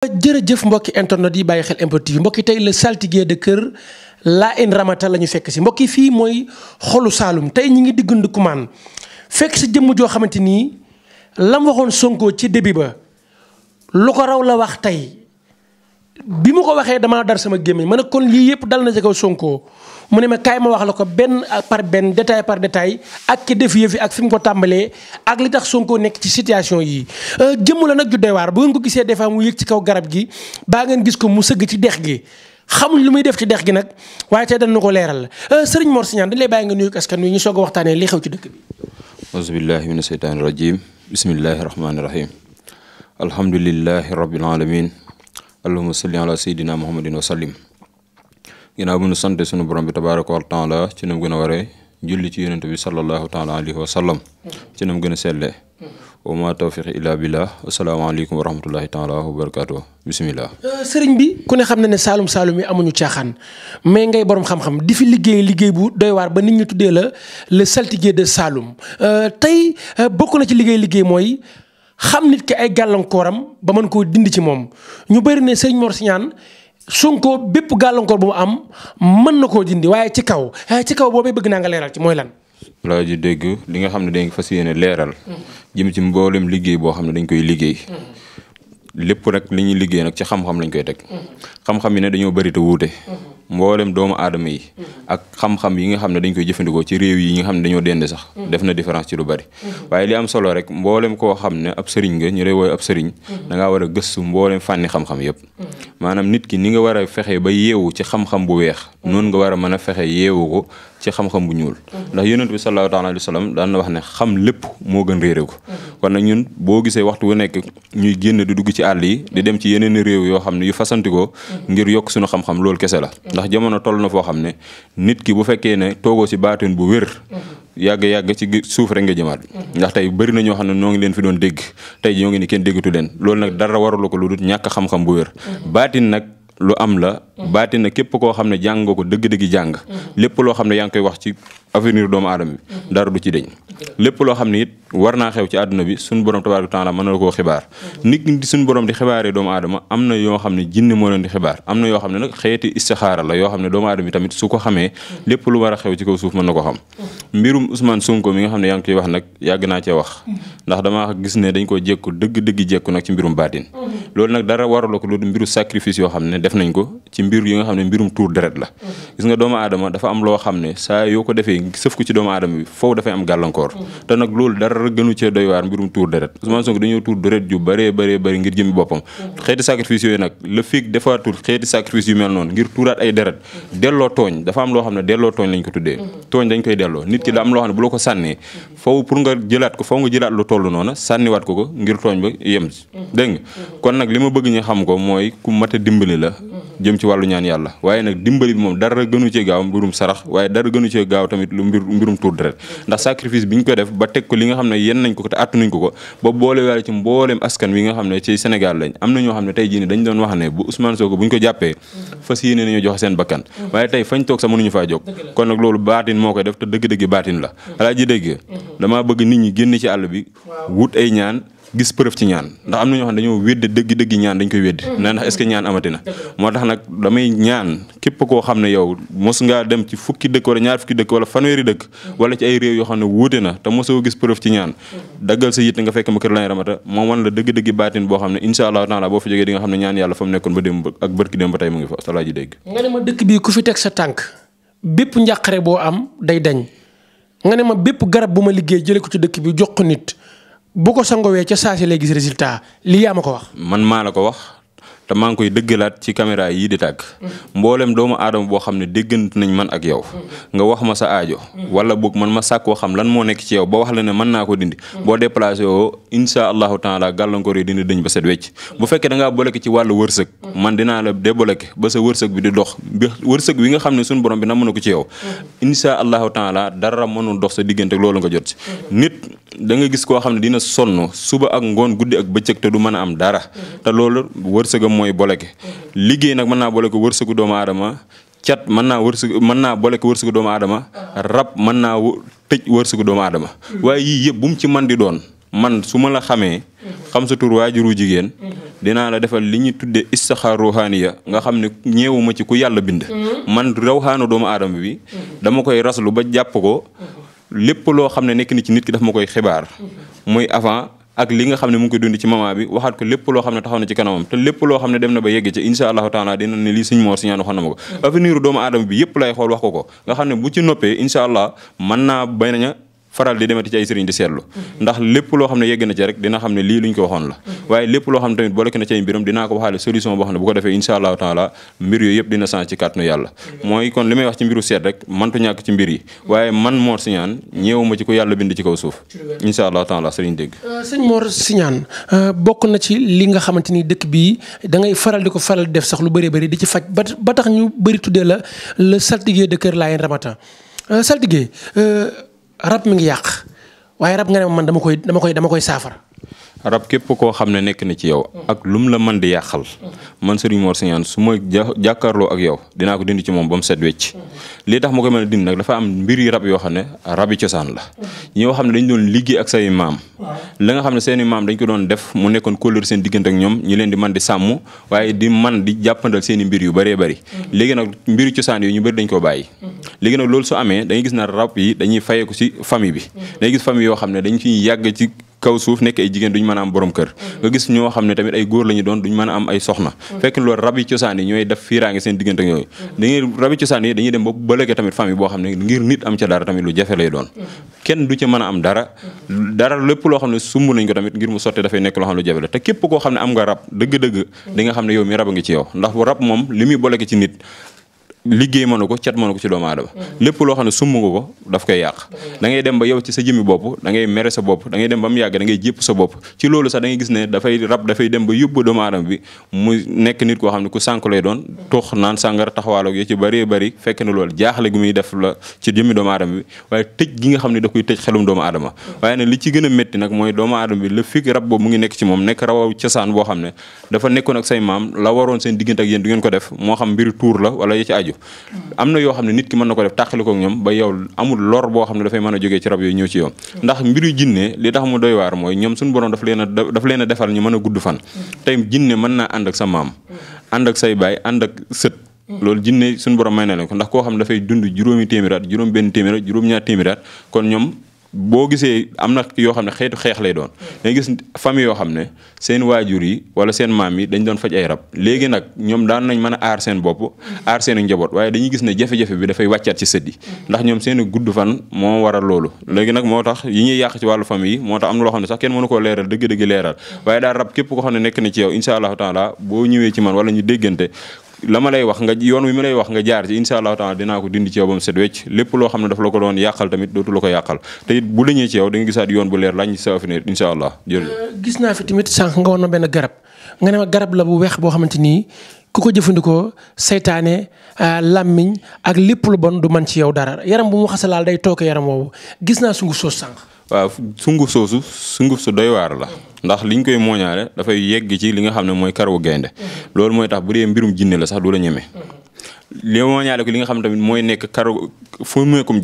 jërëjëf mbokki internet yi bàyyi xel MPROD TV mbokki tey la saltige de kër Laayeen Ramata la ñu fekk si mbokki fii mooy xolu Saalum tey ñi ngi diggante kumaan fekk si jëmm joo xamante ni lam waxoon sonkoo ci début ba lu ko raw la wax tey bi mu ko waxee dama dar sama gémmiñ ma ne kon lii yëpp dal na ci sonkoo mu ne ma kaay ma wax la ko benn par benn détail par détail ak ki def yëf yi ak fi mu ko tàmbalee ak li tax Sonko nekk ci situation yi euh, jëmm la nag ju doy waar bu ngeen ko gisee des fois mu yëg ci kaw garab gi baa ngeen gis ko mu sëgg ci dex gi xamuñ lu muy def ci dex gi nag waaye tey dañu ko leeral euh, sëriñ Mor Siñaan dañ lay bàyyi nga nuyu askan wi ñu soog a waxtaanee li xew ci dëkk bi. auzu billahi mina seytaani rajim bismillahi rahmaani rahim alhamdulillahi rabbil alamin allahumma salli ala sayyidina muhammadin wa sallim ginnaaw bu ñu sante sunu borom bi tabaaraka wa taala ci nu mu gën a waree julli ci yonent bi sallallahu taala alayhi ci nu gën a sellee wa ma tawfiq illa billah asalaamaaleykum wa rahmatullahi taala wa barakaatu euh, sëriñ bi ku ne xam na ne Saalum Saalum yi amuñu caaxaan mais ngay boroom xam-xam di fi liggéey liggéey bu doy waar ba nit ñu tuddee la le saltigué de Saalum euh, tey euh, bokk na ci liggéey liggéey mooy xam nit ki ay gàllankooram ba mën koo dindi ci moom ñu bëri ne sëriñ Mor Siñaan Sonko bépp gàllankoor bu am mën na koo jindi waaye ci kaw eh, ci kaw boobee bëgg naa nga leeral ci mooy lan. laa ji dégg li nga xam ne dañ fas yéene leeral. jëm ci mboolem liggéey boo xam ne dañ koy liggéey. Mm-hmm. lépp rek li ñuy liggéey nag ci xam-xam lañ koy teg. Mm-hmm. xam-xam yi ne dañoo bëri te wuute. Mhm. mboolem doomu adama yi. Mhm. ak xam-xam yi nga xam ne dañ koy jëfandikoo ci réew yi nga xam ne dañoo dende sax. Mhm. def na différence ci lu bari. waaye li am solo rek mboolem koo xam ne ab sëriñ nga ñu lay woowee ab sëriñ. da war a gëstu mboolem fànni xam-xam yëpp. maanaam nit ki ni nga war a ba yeewu ci xam-xam bu weex. noonu nga war a mën a fexe yeewu ko ci xam bu ñuul. ndax yonent bi sallallahu alayhi wa sallam na wax ne xam lépp moo gën réere ko. kon nag ñun boo gisee waxtu wu nekk ñuy génn di dugg ci àll yi di dem ci yeneen réew yoo xam ne yu fasantikoo ngir yokk suñu xam-xam loolu kese la ndax jamono toll na foo xam ne nit ki bu fekkee ne toogoo si baatin bu wér yàgg-yàgg ci suuf rek nga jëmaat ndax tey bëri na ñoo xam ne ñoo ngi leen fi doon dégg tey ñoo ngi ni ken déggatu leen loolu nag dara warulu ko lu dul ñàkk xam-xam bu wér mm-hmm. baatin nag lu am la Mm-hmm. baati na képp koo xam ne jàngo ko dëgg-dëgg jàng mm-hmm. lépp loo xam ne yaa ngi koy wax ci avenir doomu aadama bi mm-hmm. dara du ci deñ lépp loo xam ne it war naa xew ci àdduna bi suñu borom tabaaraka taala mën na koo xibaar nit borom di xibaaree doomu aadama am na yoo xam ne jinne moo leen di xibaar am na yoo xam ne nag xeeti istixaara yoo xam ne doomu aadama bi tamit su ko xamee lépp lu war a xew ci kaw suuf mën na ko xam mbirum Ousmane sunko mi nga xam ne yaa ngi koy wax nag yàgg naa cee wax ndax dama gis ne dañ ko jékku dëgg dëgg jékku nak ci mbirum baatin loolu nag dara waraloo ko loolu mbiru sacrifice yoo xam ne def nañ ko ci mbir yi nga xam ne mbirum tuur deret la gis nga doomu aadama dafa am loo xam ne saa yoo ko defee sëf ko ngir jëmi boppam xeeti sacrifice yooyu nag la fiig defaatul xeeti sacrifice yu mel noonu ngir tuuraat ay deret delloo tooñ dafa am loo xam ne delloo tooñ lañ ko tuddee tooñ dañ koy delloo nit ki da am loo xam ne bu la ko sànnee foofu pour nga jëlaat ko foofu nga jëlaat lu toll noona sànniwaat ko ko ngir tooñ ba yem dégg kon nag li ma bëgg ñu xam ko mooy ku mat a dimbali la jëm ci wàllu wàllu ñaan yàlla waaye nag dimbali bi moom dara gënu cee gaaw mbirum sarax waaye dara gënu cee gaaw tamit lu mbirum tuur deret ndax sacrifice bi ñu ko def ba teg ko li nga xam ne yenn nañ ko te àttu nañ ko ko ba boole waale ci mbooleem askan wi nga xam ne ci Sénégal lañ am na ñoo xam ne tey jii dañ doon wax ne bu Ousmane Sonko bu ñu ko jàppee fas yéene nañu joxe seen bakkan waaye tey fañ toog sax mënuñu faa jóg kon nag loolu baatin moo koy def te dëgg gis preuve ci ñaan ndax am na ñoo xam ne dañoo wédde dëgg dëgg ñaan dañ koy wédde mhm. na ndax est-ce que ñaan amati na moo tax nag damay ñaan képp koo xam ne yow mos ngaa dem ci fukki dëkk wala ñaar fukki dëkk wala fanweeri dëkk mhm. wala ci ay réew yoo xam ne wuute na te mosoo gis preuve ci ñaan mhm. daggal sa yitt nga fekk ma kër lañ ramata moom wan la dëgg-dëgg baatin boo xam ne insha allahu boo fa jógee di xam ne ñaan yàlla fa nekkoon ba démb ak bërki démb ba tey mu ngi bu ma liggéey jële ko ci dëkk bi jox bu ko sangowee ca saa si résultat li yaa ko wax. man maa la ko wax te maa ngi koy dëggalaat ci caméra yii di tàkk mboolem doomu aadama boo xam ne déggante nañ man ak yow nga wax ma sa aajo wala boog man ma sàkkoo xam lan moo nekk ci yow ba wax la ne na naa ko dindi boo déplacé woo insha allahu taala gàllankoor yi dina dëñ ba set wecc bu fekkee da ngaa bloqué ci wàllu wërsëg man dinaa la débloqué ba sa wërsëg bi di dox wërsëg wi nga xam ne suñu borom bi namm na ko ci yow insha allahu taala dara mënul dox sa diggante loolu nga jot ci nit da nga gis koo xam ne dina sonn suba ak ngoon guddi ak bëccëg te du mën a am dara mooy boloke liggéey nag mën naa boole boloke wërsëgu doomu aadama cat man naa wërsëg mën naa boloke wërsëgu doomu aadama rab man naa tëj wërsëgu doomu aadama waaye yii yëpp bu mu ci man di doon man su ma la xamee xam sa tur waajuru jigéen dinaa la defal li ñu tuddee istixaar ruuxaaniya nga xam ne ñeewuma ci ku yàlla bind man xaanu doomu aadama bi dama koy raslu ba jàpp ko lépp loo xam ne nekk ni ci nit ki daf ma koy xibaar muy avant ak li nga xam ne mu ngi ci maman waxaat ko lépp loo xam ne taxaw na ci kanamam te lépp loo xam ne dem na ba yegg ci insha allahu taala dina ne lii suñ moor si ñaan waxoon na ma ko mm. doomu aadama bi yëpp lay xool wax ko ko nga xam ne bu ci noppee insha allah mën naa bañ a faral di demati ci ay sëriñ di seetlu ndax lépp loo xam ne yegg na ci rek dina xam ne lii luñ ko waxoon la waaye lépp loo xam ne tamit boolekk na ci ay mbiram dinaa ko waxaale solution boo wax ne bu ko defee insha allahu taala mbir yooyu yëpp dina sens ci kàttanu yàlla mooy kon li may wax ci mbiru seet rek mantu ñàkk ci mbir yi waaye man Mor Signane ñëwuma ci ko yàlla bind ci kaw suuf insha allahu taala sëriñ dégg euh, sëñ Mor Signane euh, bokk na ci li nga xamante ni dëkk bii da faral di ko faral def sax lu bëree bëri di ci faj ba tax ñu bëri tuddee la le saltige de Kër Laayeen Ramata euh, saltige rab mi ngi yàq waaye rab nga ne man dama koy dama koy dama koy saafara rab képp koo xam ne nekk na ci yow. ak lum la man di yàqal. man Serigne Mor Signane su ma jàkkaarloo ak yow dinaa ko dindi ci moom ba mu set wecc. li tax ma koy mën a dindi nag dafa am mbir yu rab yoo xam ne rabi cosaan la. ñoo xam ne dañu doon liggéey ak say maam. la nga xam ne seen i maam dañ ko doon def mu nekkoon kóllëre seen diggante ak ñoom leen di man di sàmm waaye di man di jàppandal seen mbir yu bëree bëri. Mm-hmm. léegi nag mbiru cosaan yooyu ñu bëri dañ koo bàyyi. Mm-hmm. léegi nag loolu su amee dañuy gis na rab yi dañuy fayeeku ci famille bi mm-hmm. dañuy gis famille yoo xam ne dañ ciy yàgg ci kaw suuf nekk ay jigéen duñ mën a am borom kër mm-hmm. nga gis ñoo xam ne tamit ay góor la doon duñ mën a am ay soxna mm-hmm. fekk loolu rab yi cosaan yi ñooy def fiiraange seen diggante ak yooyu mm-hmm. dañuy rab yi cosaan yi dañuy dem ba bëlëkee tamit famille boo xam ne ngir nit am ca dara a am dara dara lépp loo xam ne sumb nañ ko tamit ngir mu sotte dafay nekk loo xam ne lu jafe te képp koo xam ne am nga rab dëgg-dëgg di nga xam ne yow mi rab a ngi ci yow ndax rab moom li muy bëlëke ci nit liggéey mënu ko cat mënu ko ci doomu aadama lépp loo xam ne sumb nga ko daf koy yàq da ngay dem ba yow ci sa jëmmi bopp da ngay mere sa bopp da ngay dem ba mu yàgg da ngay jépp sa bopp ci loolu sax da ngay gis ne dafay rab dafay dem ba yóbbu doomu aadama bi mu nekk nit koo xam ne ku sànk lay doon tux naan sàngara taxawaaloog yo ci bëree bëri fekk na loolu jaaxle gu def la ci jëmmi doomu aadama bi nga xam ne da koy tëj xelum doomu li ci a métti nag mooy doomu aadama bi la fi rab nekk ci moom nekk rawaw cosaan boo xam ne dafa nekkoon ak say maam la waroon seen diggante ak yéen du ngeen ko def moo xam mbiru tuur la wala ya ci aju am na yoo xam ne nit ki mën na ko def tàqali ko ak ñoom ba yow amul lor boo xam ne dafay man a jógee ci rab yooyu ñëw ci yow ndax mbiru jinne li tax mu doy waar mooy ñoom suñu borom daf leen a daf leen a defal ñu mën a gudd fan tey jinne man naa ànd ak sa maam ànd ak say baay ànd ak sët loolu jinne suñu borom may na leen ko ndax koo xam ne dafay dund juróomi téeméeraat juróom benn téeméeraat juróom ñaar téeméeraat kon ñoom boo gisee am na yoo xam ne xeetu xeex lay doon mm. dañ gis famille yoo xam ne seen waajur yi wala seen maam yi dañ doon faj ay rab léegi nag ñoom daan nañ mën a aar seen bopp mm. aar seen njaboot waaye dañuy gis ne jafe-jafe bi dafay wàccaat ci sët mm. ndax ñoom seen gudd fan moo waral loolu léegi nag moo tax yi ñuy yàq ci wàllu famille yi moo tax am na loo xam ne sax kenn mënu koo leeral dëgg-dëgg leeral waaye daal rab képp ko xam ne nekk na ci yow incha allahu taala boo ñëwee ci man wala ñu déggante la ma lay wax nga yoon wi ma lay wax nga jaar ci incha allahu taala dinaa ko dindi ci yow ba mu set wecc lépp loo xam ne daf la ko doon yàqal tamit dootu la ko yàqal te it bu dañee ci yow da euh, gis naa fi tamit sànq nga woon na benn garab nga ne ma garab la bu weex boo xamante nii ku ko jëfandikoo seytaane euh, làmmiñ ak lépp lu bon du man ci yow dara yaram bu mu xasalaal day tooke yaram woowu gis naa sunguf soosu sànq waaw sunguf soosu sunguf su doy waar la ndax liñ koy mooñaale dafay yegg ci li nga xam ne mooy karawu gaynde mm-hmm. loolu mooy tax bu dee mbirum jinne la sax du la ñeme mm-hmm. li ma ñaale ko li nga xam tamit mooy nekk karo sumeekum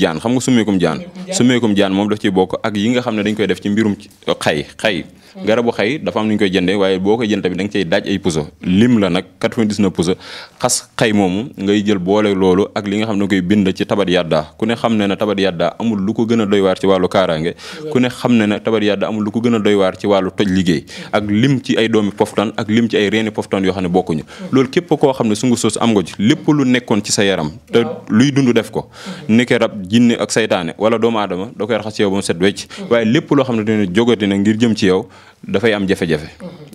moom daf ci bokk ak xam ne dañ koy def ci mbirum xay xay mm. garabu am nu ñu koy boo koy jënd tamit da nga cay daaj ay puso lim la nag 99 puso xas xay moomu ngay jël boole loolu ak li nga xam ne koy bind ci tabat yadda ku ne xam ne ne tabat yadda amul lu ko gën a doy waar ci wàllu kaaraange mm. ku ne xam ne ne tabat yadda amul lu ko gën a doy waar ci wàllu toj liggéey mm. ak lim ci ay doomi poftan ak lim ci ay reeni poftan yoo ne bokkuñu loolu képp koo xam ne sungu soos am nga lépp lu kon ci sa yaram te luy dund def ko nekkee rab jinne ak saytaane wala doomu aadama da koy raxas yow ba mu set wecc mm-hmm. waaye lépp loo xam ne dina jógati na ngir jëm ci yow dafay am jafe-jafe.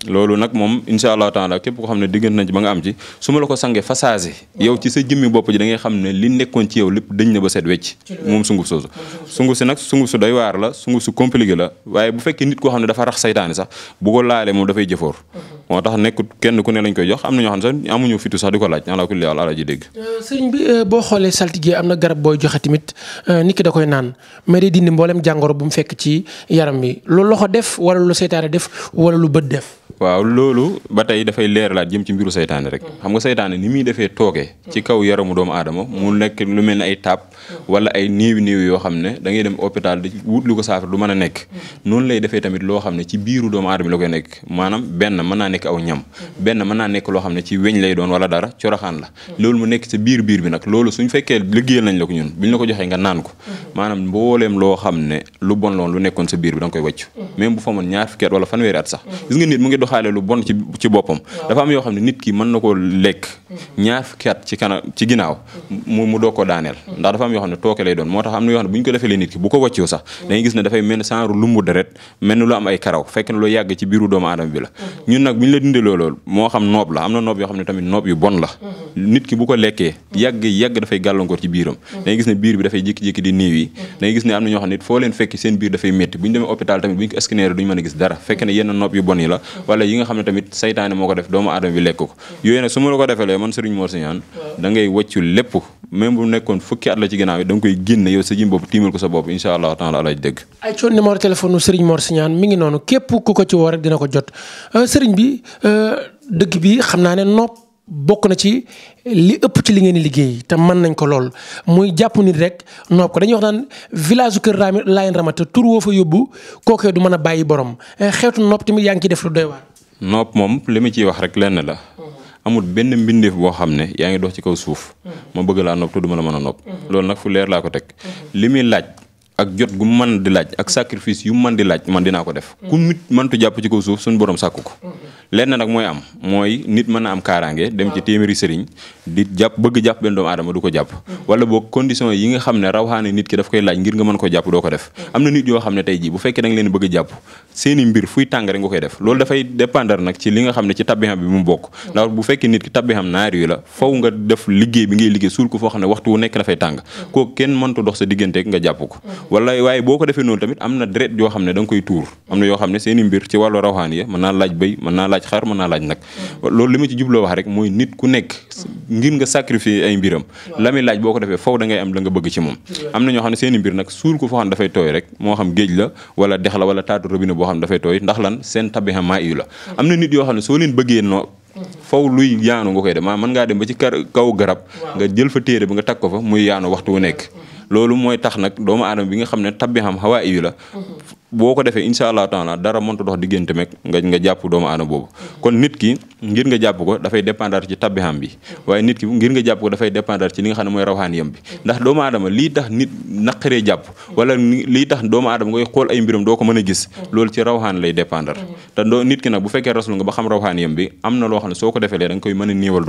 loolu nag moom incha allah taala képp ko xam ne diggante na ba nga am ci su ma la ko sangee fasaase. yow ci sa jëmmi bopp ji da xam ne li nekkoon ci yow lépp dañ na ba set wecc. moom sunguf soosu sunguf si nag sunguf su doy waar la sunguf su compliqué la waaye bu fekkee nit koo xam ne dafa rax saytaane sax bu ko la moom dafay jëfoor. Mhm. moo tax nekkut kenn ku ne lañ koy jox am na ñoo xam sax amuñu fitu sax di ko laaj ala kulli ala ji dégg. Euh, euh, am na garab booy joxe tamit euh, nit ki da koy naan mais day dindi mboolem jàngoro bu mu fekk ci yaram bi lu loxo def wala lu seytaane def def wala lu bët def waaw loolu ba tey dafay leeralaat jëm ci biiru saytaane rek mm. xam nga seytaane ni muy defee toogee ci kaw yaramu doomu aadama mu mm. nekk lu mel ne ay taab mm. wala ay néewi néewi yoo xam ne da ngay dem hôpital di wut lu ko saafara du man a nekk noonu lay defee tamit loo xam ne ci biiru doomu aadama la koy nekk maanaam benn mën naa nekk aw ñam benn mën naa nekk loo xam ne ci weñ lay doon wala dara coraxaan la loolu mu nekk sa biir biir bi nag loolu suñ fekkee liggéeyal nañ la ko ñun buñ la ko joxe nga naan ko maanaam mbooleem loo xam ne lu bon loon lu nekkoon sa biir bi da koy wàcc même bu fa ñaar fukki at wala fanweeri at sax waxaale lu bon ci ci boppam. dafa am yoo xam ne nit ki mën na ko lekk. ñaar fukki at ci kanam ci ginnaaw. mu mu doog ko daaneel. Mm-hmm. ndax dafa am yoo xam ne tooke lay doon moo tax am na yoo xam ne bu ñu ko defalee ko wàccoo sax. Mm-hmm. dañuy gis ne dafay mel ne ci bi la. Mm-hmm. ñun nag bu ñu la dindeeloo loolu moo xam noob la am na noob yoo xam ne tamit noob yu bon la. nit ki bu ko lekkee yàgg yàgg dafay gàllankoor ci biiram. dañuy gis ne biir bi dafay jékki-jékki di néew yi. dañuy gis ne am na ñoo xam ne foo leen fekk seen biir dafay métti bu ñu demee hôpital tamit bu ñu ko scanner duñu mën a gis dara fekk ne yenn yi nga xam ne tamit seytaane moo ko def doomu aadama bi lekk ko yooyu nag su ma la ko defelee man Serigne Mor Signane da ngay bu nekkoon fukki at la ci ginnaaw yi da nga koy génne yow sa jim bopp tiimal ko sa bopp incha ngi noonu képp ku ko ci woo ko jot euh, Serigne bi euh, dëkk bi xam naa ne nopp bokk na ci li ëpp ci li ngeen liggéey te mën nañ ko lool muy jàpp nit rek noob ko dañuy wax naan village su kër Laayen Ramata tur woo fa yóbbu kookee du mën a bàyyi borom euh, xeetu noob tamit yaa ngi ciy def lu doy waar. nopp moom li ma ciy wax rek lenn la. amut benn mbindeef boo xam ne yaa ngi dox ci kaw suuf. Mm-hmm. ma bëgg laa nopp te du ma la mën a nopp. Mm-hmm. loolu nag fu leer laa ko teg mm-hmm. li muy laaj. ak jot gu man di laaj ak sacrifice yu man di laaj man dina ko def ku nit mëntu jàpp ci kaw suuf suñu borom sàkku ko lenn nag mooy am mooy nit mën na am kaaraange dem ci téeméeri sëriñ di jàpp bëgg jàpp benn doomu aadama du jàpp mm-hmm. wala boog condition yi nga xam ne rawaxaane nit ki daf koy laaj ngir nga mën ko jàpp doo ko def mm-hmm. am na nit yoo xam ne tey ji bu fekkee da leen bëgg jàpp seeni mbir fuy tàng rek nga koy def loolu dafay dépendre nag ci li nga xam ne ci tabbixam bi mu bokk mm-hmm. ndax bu fekkee nit ki tabbixam naar yu la faw nga def liggéey bi ngay liggéey suul ko foo xam ne waxtu wu nekk dafay tàng kooku kenn mëntu dox sa diggante nga jàpp ko wala waaye boo ko defee noonu tamit am na deret yoo xam ne da nga koy tuur am na yoo xam ne seen i mbir ci wàllu rawxaan ya mën naa laaj béy mën naa laaj xar mën naa laaj nag loolu li ma ci jubloo wax rek mooy nit ku nekk ngir nga sacrifier ay mbiram la muy laaj boo ko defee da ngay am la nga bëgg ci moom am na ñoo xam ne seen i mbir nag suul ko foo xam moo xam géej la wala dex la wala taatu robinet boo xam ne dafay tooy ndax lan seen tabixa maa iyu la am na nit yoo xam ne soo leen bëggee noo faw luy yaanu nga koy def maa mën ngaa dem ba ci kaw garab nga jël fa téere bi nga takk ko fa muy yaanu waxtu wu nekk loolu mooy tax nag doomu aadama bi nga xam ne tabbi xam xawaa la boo ko defee incha allah taala dara mënta dox diggante meg nga jàpp doomu aadama boobu kon nit ki ngir nga jàpp ko dafay dépendre ci tabbi xam bi waaye nit ki ngir nga jàpp dafay dépendre ci li nga xam ne mooy rawaan yam bi ndax doomu aadama lii tax nit naqaree jàpp wala lii tax doomu aadama koy xool ay mbiram doo ko mën a gis lool ci rawaan lay dépendre te doo nit ki nag bu fekkee rasul nga ba xam rawaan yam bi am na loo xam soo ko defee da nga koy a niiwal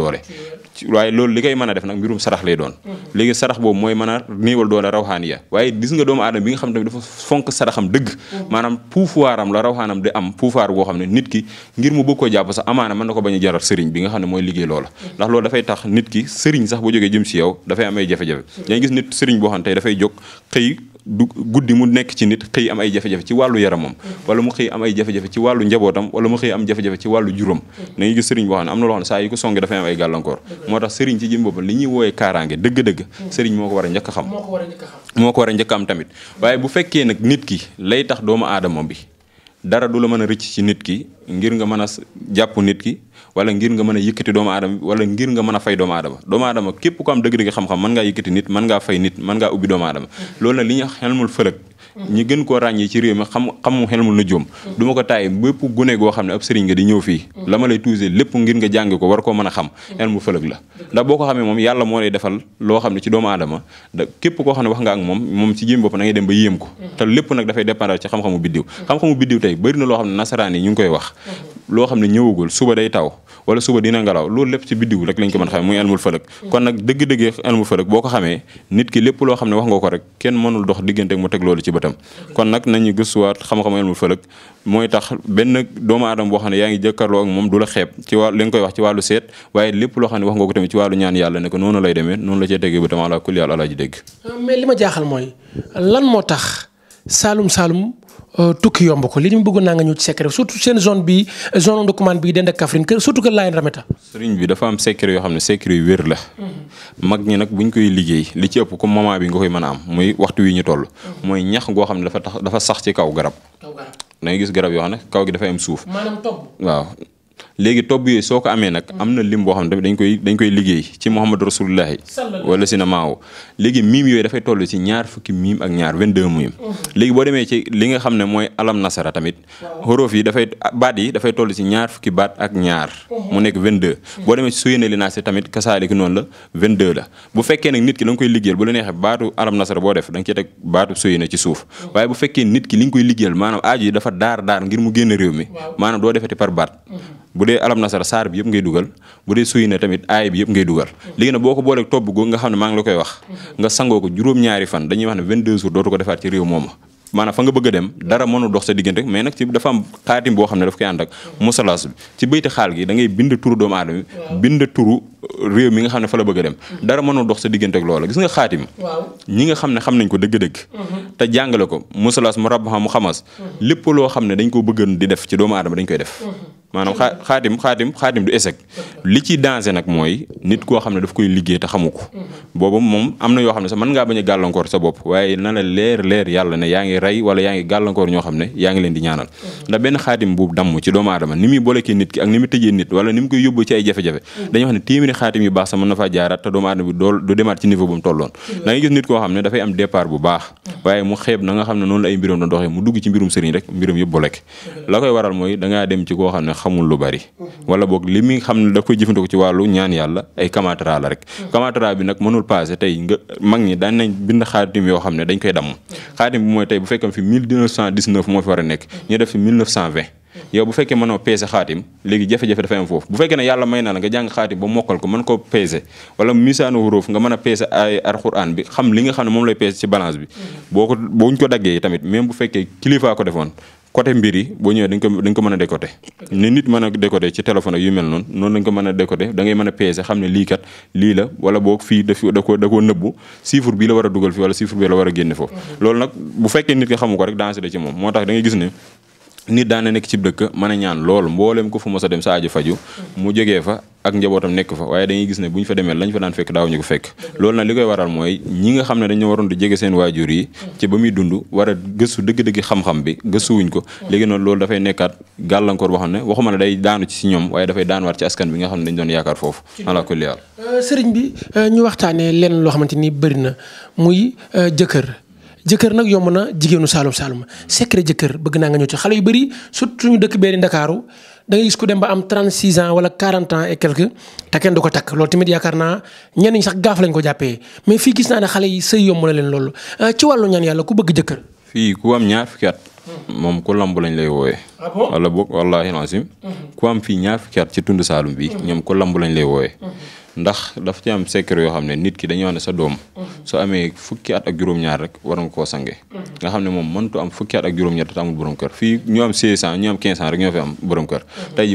li koy mën a def nag mbirum sarax lay doon mm-hmm. doole rawxaaniya waaye gis nga doomu aadama bi nga xam tamit dafa fonk saraxam dëgg maanaam pouvoiram la rawxaanam di am pouvoir boo xam ne nit ki ngir mu bëgg koo jàpp sax amaana mën na ko bañ a jaral sëriñ bi nga xam ne mooy liggéey loola ndax loolu dafay tax nit ki sëriñ sax bu jógee jëm si yow dafay am ay jafe-jafe dañuy mm. gis nit sëriñ boo xam ne tey dafay jóg xëy du guddi mu nekk ci nit xëy am ay jafe-jafe ci wàllu yaramam wala mu xëy am ay jafe-jafe ci wàllu njabootam wala mu xëy am jafe ci wàllu juróom na nga gis sëriñ boo xam ne am na loo xam ne saa yu ko songe dafay am ay gàllankoor moo tax sëriñ ci jëm boppam li ñuy wooyee kaaraange dëgg-dëgg sëriñ moo ko war a a xam moo ko war a njëkk tamit waaye bu fekkee nag nit ki lay tax doomu aadama bi dara du la mën a rëcc ci nit ki ngir nga mën a jàpp nit ki wala ngir nga mën a yëkkati doomu aadama wala ngir nga mën a fay doomu aadama doomu aadama képp ku am dëgg-dëgg xam-xam mën ngaa yëkkati nit man ngaa fay nit mën ngaa ubbi doomu aadama mm-hmm. loolu nag li ñu xelmul fëlëg ñi gën koo ràññee ci réew mi xam xamu xelmul na jóom mm. du ma ko tàyyi bépp gune goo xam ne ab sëriñ nga di ñëw fii mm. la ma lay tuusee lépp ngir nga jàng ko war koo mën a xam xelmu mm. fëlëg la ndax boo ko xamee moom yàlla moo lay defal loo xam ne ci doomu aadama da képp koo xam ne wax nga ak moom moom ci jëm bopp da ngay dem ba yéem ko te lépp nag dafay dépendre ci xam-xamu biddiw xam-xamu biddiw tey bëri na loo xam ne nasaraan yi ñu ngi koy wax loo xam ne ñëwagul suba day taw wala suba dina ngelaw loolu lépp ci biddiw rek lañ ko mën xamee muy elmul fëlëk kon nag dëgg-dëggee elmul fëlëk boo ko xamee nit ki lépp loo xam ne wax nga ko rek kenn moom du la xeeb ci wàllu li xam ne wax nga tamit ci wàllu ñaan yàlla ne ko noonu lay demee noonu la cee tegee bëtam ala kulli yàlla alaa ji euh, mais li ma jaaxal mooy lan moo tax saalum saalum Euh, tukki yomb ko li ñu bëggoon naa nga ñëw ci secret surtout seen zone bi zone de commande bi dend ak Kaffrine kër surtout kër Laayeen Rameta. sëriñ bi dafa am secret yoo xam ne secret yu wér la. Mhm. mag ñi nag buñ koy liggéey li ci ëpp comme moment bi nga koy mën a am muy waxtu wi ñu toll. Mhm. mooy ñax goo xam ne dafa tax dafa sax ci kaw garab. kaw gis garab yoo xam ne kaw gi dafa am suuf. maanaam waaw léegi tobb yooyu soo ko amee nag mm-hmm. am na lim boo xam ne dañ koy dañ koy liggéey ci Muhammad Rasulullahi wala si na maawo léegi miim yooyu dafay toll ci ñaar fukki miim ak ñaar 22 miim mm-hmm. léegi boo demee ci li nga xam ne mooy alam nasara tamit xorof yi dafay baat yi dafay toll ci ñaar fukki baat ak ñaar mm-hmm. mu nekk 22 boo demee ci suyéene li naasi tamit kasaaliki noonu la 22 la bu fekkee nag nit ki la koy liggéeyal bu la neexee baatu alam nasara boo def da nga ciy teg baatu suyéene ci suuf waaye bu fekkee nit ki li nga koy liggéeyal maanaam aaju yi dafa daar daar ngir mu génn réew mi maanaam doo defati par baat bu dee alam nasara saar bi yëpp ngay dugal bu dee suy yëpp ngay dugal léegi nag boo ko booleeg tobb googu nga xam ne maa ngi la wax nga sangoo ko juróom-ñaari fan dañuy wax ne 22 jours dootu ko defaat ci réew mooma maanaam fa nga bëgg a dem dara mënu dox sa diggante am xaatim boo xam ne daf koy ànd ak musalas bi ci bayti mi nga xam ne fa la bëgg a dem mm-hmm. dara mënu dox sa diggante ak loola gis nga xaatim ñi nga xam ne xam nañ ko dëgg-dëgg mm-hmm. te jàngale ko musalas mu xam mu xamas mm-hmm. lépp loo xam ne dañ ko bëggoon di def ci doomu aadama dañ koy def maanaam xaa xaatim xaatim xaatim du échec li ci danger nag mooy nit koo xam ne daf koy liggéey te xamu ko mm-hmm. boobu moom am na yoo xam ne sax mën ngaa bañ a gàllankoor sa waaye na la leer leer yàlla ne yaa ngi rey wala yaa ngi gàllankoor ñoo xam ne yaa ngi leen di ñaanal mm-hmm. ndax benn xaatim bu damm ci doomu aadama ni muy bolekee nit ki ak ni muy tëjee nit wala ni mu koy yóbbu ci ay jafe-jafe mm-hmm. dañoo xam ne téeméeri xaatim yu baax sax mën na faa doomu aadama dool du demaat koo xam ne dafay am départ bu baax waaye mu xeeb ne noonu la ay mbiram doon doxee dugg ci mbirum sëriñ rek mbiram yëpp bolekk mooy dangaa dem ci koo xam ne xamul lu bari. wala boog li muy xam ne daf koy jëfandikoo ci wàllu ñaan yàlla ay kamatara la rek. kamatara bi nag mënul passé tey mag ñi daan nañ bind xaatim yoo xam ne dañ koy damm. xaatim mooy tey bu fekkee fi 1919 moo fi a nekk ñu def fi 1920. yow bu fekkee mënoo peese xaatim léegi jafe-jafe dafay am foofu bu fekkee ne yàlla may na la nga jàng xaatim ba mokkal ko mën ko peese wala misaanu huruuf nga mën a peese ay alxuraan bi xam li nga xam ne moom lay peese ci balance bi boo ko boo ñu tamit même bu fekkee kilifaa ko defoon côté mbir yi boo ñëwee dañ ko dañ ko mën a décoder ni nit mën a décoder ci téléphone ak yu mel noonu noonu dañ ko mën a décoder da ngay mën a peese xam ne lii kat lii la wala boo fii daf da ko da koo nëbbu chiffre bii la war a dugal fii wala chiffre bii la war a génne foofu mhm. loolu nag bu fekkee nit ki xamu ko rek danger da ci moom moo tax da ngay gis ne nit daan na nekk ci dëkk mën a ñaan lool mbooleem ko fu mos a dem sa aju faju mu jógee fa ak njabootam nekk fa waaye dañuy gis ne bu ñu fa demee lañ fa daan fekk daaw ñu ko fekk loolu nag li koy waral mooy ñi nga xam dañoo waroon di seen waajur yi ci ba muy dund war a gëstu dëgg-dëgg xam bi gëstuwuñ ko léegi noonu loolu dafay nekkaat gàllankoor boo xam ne waxuma ne day daanu ci si ñoom waaye dafay daanuwaat ci askan bi nga xam ne dañ doon yaakaar foofu ala kulli haal sëriñ bi euh, ñu waxtaanee lenn loo xamante ni bëri na muy euh, jëkkër jëkkër nag yomb na jigéenu saalum saalum secret jëkkër bëgg naa nga ñëw ci xale yu bëri surtout suñu dëkk bee di Ndakaaru da ngay gis ku dem ba am 36 ans wala 40 ans et quelque te du ko takk loolu tamit yaakaar naa ñenn ñi sax gaaf lañ ko jàppee mais fii gis naa ne xale yi sëy yomb na leen loolu euh, ci wàllu ñaan yàlla ku bëgg jëkkër. fii ku am ñaar fukki at moom ku lamb lañ lay wooyee. Ah wala boog wallaahi lancim mhm. ku am fii ñaar fukki at ci tund bi mhm. ñoom ku lamb lañ lay wooyee. Mhm. ndax dafa ci am secret yoo xam ne nit ki dañoo ne sa doom su amee fukki at ak juróom-ñaar rek war nga koo sange nga xam ne moom mëntu am fukki at ak juróom-ñaar te amul borom fii ñu am 16 ans ñu am 15 rek ñoo fi am borom kër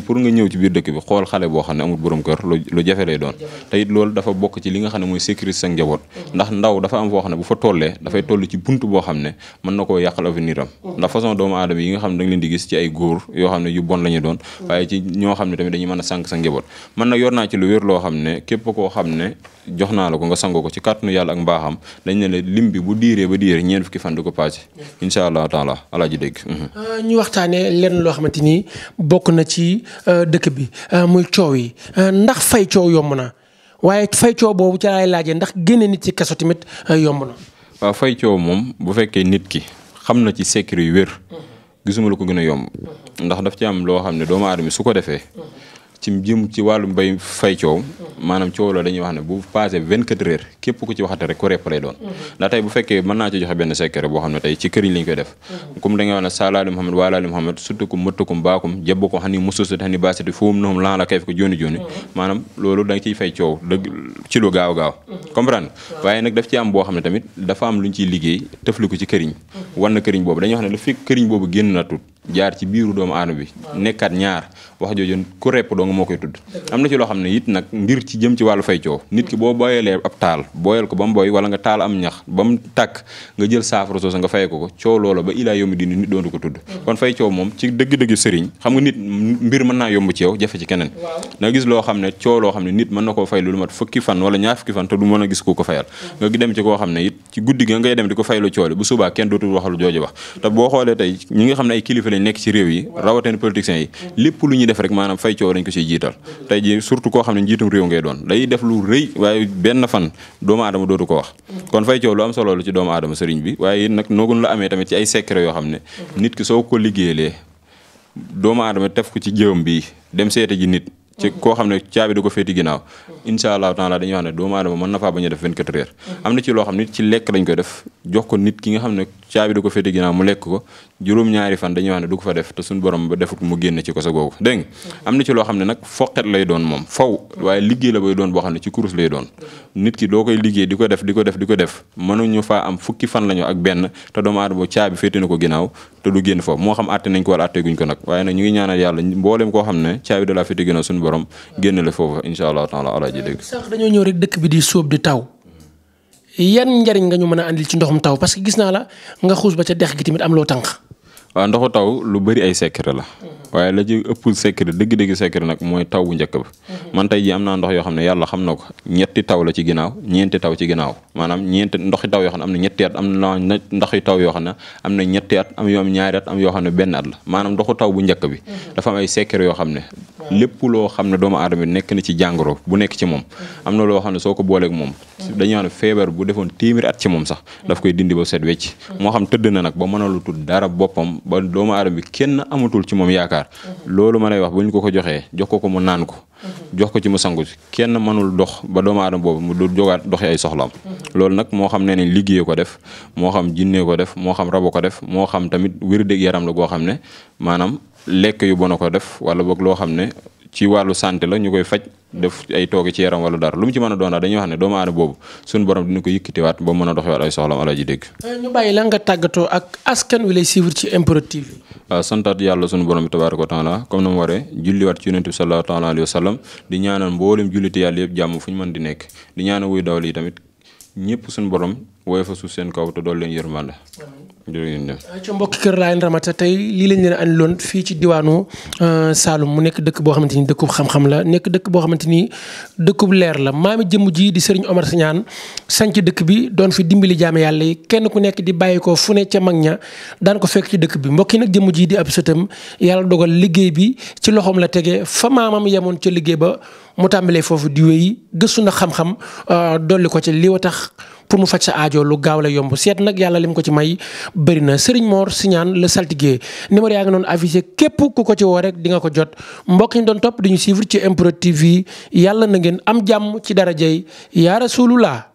pour nga ñëw ci biir dëkk bi xool xale boo xam ne amul borom kër lu jafe lay doon te it loolu dafa bokk ci li nga xam ne mooy sécurité sa njaboot ndax ndaw dafa am foo xam ne bu fa tollee dafay toll ci bunt boo xam ne mën na koo yàqal avenir am ndax façon doomu aadama yi nga xam ne da nga leen di gis ci ay góor yoo xam ne yu bon la ñu doon waaye ci ñoo xam ne tamit dañuy mën a sànk sa njaboot man nag yor naa ci lu wér loo xam ne képp koo xam ne jox naa la ko nga sangoo ko ci kàttanu yàlla ak mbaaxam dañ ne la lim bi bu diiree ba diiree ñeent fukki fan du ko paase. Mm-hmm. incha allah taala alaaji dégg. Mm-hmm. Euh, ñu waxtaanee lenn loo xamante ni bokk na ci euh, dëkk bi euh, muy coow yi ndax fay coow yomb na waaye fay coow boobu ca laay laajee ndax génne nit ci kaso tamit yomb na. waaw fay coow moom bu fekkee nit ki xam na ci secret yu wér mm-hmm. gisuma la ko gën a yomb ndax daf ci am loo xam ne doomu aadama su ko defee. ci jëm ci wàllu mbay fay coow maanaam coow la dañuy wax ne bu passé vingt quatre heures képp ku ci waxate rek ko repp lay doon mm-hmm. ndax tey bu fekkee mën naa ci joxe benn secret boo xam ne tey ci këriñ lañ koy def mm-hmm. comme da ngay wax ne salaali mm-hmm. fay coow dëgg ci lu gaaw gaaw comprendre waaye nag daf ci am boo xam ne tamit dafa am luñ ciy liggéey tëfli ko ci këriñ wan na këriñ boobu dañu wax ne lu fi këriñ boobu génn na tut jaar ci biiru doomu aadama bi nekkaat ñaar wax jooju ku repp doo nga moo koy tudd am na ci loo xam ne it nag ngir ci jëm ci wàllu fay coow nit ki boo boyalee ab taal booyal ko ba mu boy wala nga taal am ñax ba mu tàkk nga jël saafara soosa nga fay ko ko coow loola ba ilaa yombi dini nit doondu ko tudd kon fay coow moom ci dëgg-dëgg sëriñ xam nga nit mbir mën naa yomb ci yow jafe ci keneen nga gis loo xam ne coow loo xam ne nit mën na koo fay lu lu mat fukki fan wala ñaar fukki fan te du mën a gis ku ko fayal nga dem ci koo xam ne it ci guddi gi ngay dem di ko faylu coow bu subaa kenn dootul waxal jooju wax te boo xoolee tey ñi nga xam ne ay kilifa nekk ci réew yi rawatina politiciens yi lépp lu ñuy def rek maanaam fay coow dañ ko ciy jiital tey ji surtout koo xam ne njiitum réew ngay doon day def lu rëy waaye benn fan doomu aadama dootu ko wax mm-hmm. kon fay coow lu am solo lu ci doomu aadama sëriñ bi waaye nag noogun la amee tamit ci ay secret yoo xam ne mm-hmm. nit ki soo ko liggéeylee doomu aadama tef ko ci jëwam bi dem seete ji nit ci koo xam ne caabi da ko féeti ginnaaw incha allahu taala dañuy wax ne doomu aadama mën na faa a am ci loo xam ne ci ko nit ki lekk ko juróom-ñaari fan dañuy wax ne du ko fa def te suñu borom ba defut mu génn ci ko sa googu dégg na ci loo doon moom faw waaye liggéey la bay doon xam ne ci kurus lay doon nit ki doo koy liggéey di ko def di ko def di ko def am fukki fan lañu ak benn te doomu aadama caabi féeti na ko ginnaaw te du génn foofu moo xam àtte nañ ko wala àtte guñ ko nag waaye nag ñu ngi ñaanal yàlla mbooleem koo xam ne caabi da laa féeti ginnaaw suñu borom génne la foofu incha allah taala alaaji dégg. sax dañoo ñëw rek dëkk bi di sóob di taw yan njariñ nga ñu mën a andil ci ndoxum taw parce que gis naa la nga xuus ba ca dex gi tamit am loo tànk. waa ndoxu taw lu bëri ay secret la. Mm-hmm. waaye la ci ëpp secret dëgg-dëgg secret nag mooy taw bu njëkk ba mhm. man tey ji am na ndox yoo xam ne yàlla xam na ko ñetti taw la ci ginnaaw ñeenti taw ci ginnaaw maanaam ñeenti ndoxi taw yoo xam ne am na ñetti at am na ndoxi taw yoo xam ne am na ñetti at am yoo ñaari at am yoo xam ne benn at la maanaam ndoxu taw bu njëkk bi mhm. dafa ay secret yoo xam ne lépp loo xam ne doomu aadama bi nekk na ci jàngoro bu nekk ci moom mhm. am na loo xam ne soo ko booleek moom dañu naan feebar bu defoon téeméeri at ci moom sax daf koy dindi ba set wecc moo xam tëdd na nag ba mënalutul dara boppam ba doomu aadama bi kenn amatul ci moom yaakaar yaakaar loolu ma lay wax bu ñu ko ko joxee jox ko ko mu naan ko jox ko ci mu sangu ci kenn mënul dox ba doomu aadama boobu mu du jogaat doxi ay soxlaam loolu nag moo xam ne ne liggéey ko def moo xam jinnee ko def moo xam rabo ko def moo xam tamit wér dëgg yaram la goo xam ne maanaam lekk yu bon ko def wala boog loo xam ne ci wàllu santé la ñu koy faj def ay tooge ci yaram wala dara lu mu ci mën a doon daal dañuy wax ne doomu aadama boobu suñu borom dina ko yëkkatiwaat ba mën a doxewaat ay soxlam ala ji dégg. Euh, ñu bàyyi la nga tàggatoo ak a wi lay suivre ci MPROD TV. waaw borom bi wa taala comme na mu waree julliwaat ci yonent bi sallallahu taala alayhi wa sallam yëpp jàmm fu ñu mën di nekk di ñaanal wuy dawli yi tamit ñëpp suñu borom woy fa suuf seen kaw te dool leen yërmande jërëjëf ci mbokki kër Laayeen Ramata tey lii lañ leen andiloon fii ci diwaanu euh, Saloum mu nekk dëkk boo xamante ni dëkkub xam-xam la nekk dëkk boo xamante ni dëkkub leer la maami jëmm ji di Serigne Omar Sagnane sanc dëkk bi doon fi dimbali jaame yàlla yi kenn ku nekk di bàyyi ko fu ne ca mag ña daan ko fekk ci dëkk bi mbokki nag jëmm ji di ab sëtam yàlla dogal liggéey bi ci loxoom la tege fa maamam yemoon ca liggéey ba mu tàmbalee foofu di wéy gëstu na xam-xam euh, dolli ko li pour mu faj sa aajo lu gaaw la yomb seet nag yàlla lim ko ci may bëri na Serigne Mor Signane la saltigué numéro yaa ngi noonu affiché képp ku ko ci woo rek di nga ko jot mbokk ñu doon topp di ñu suivre ci MPROD TV yàlla na ngeen am jàmm ci dara darajay yaa rasulullah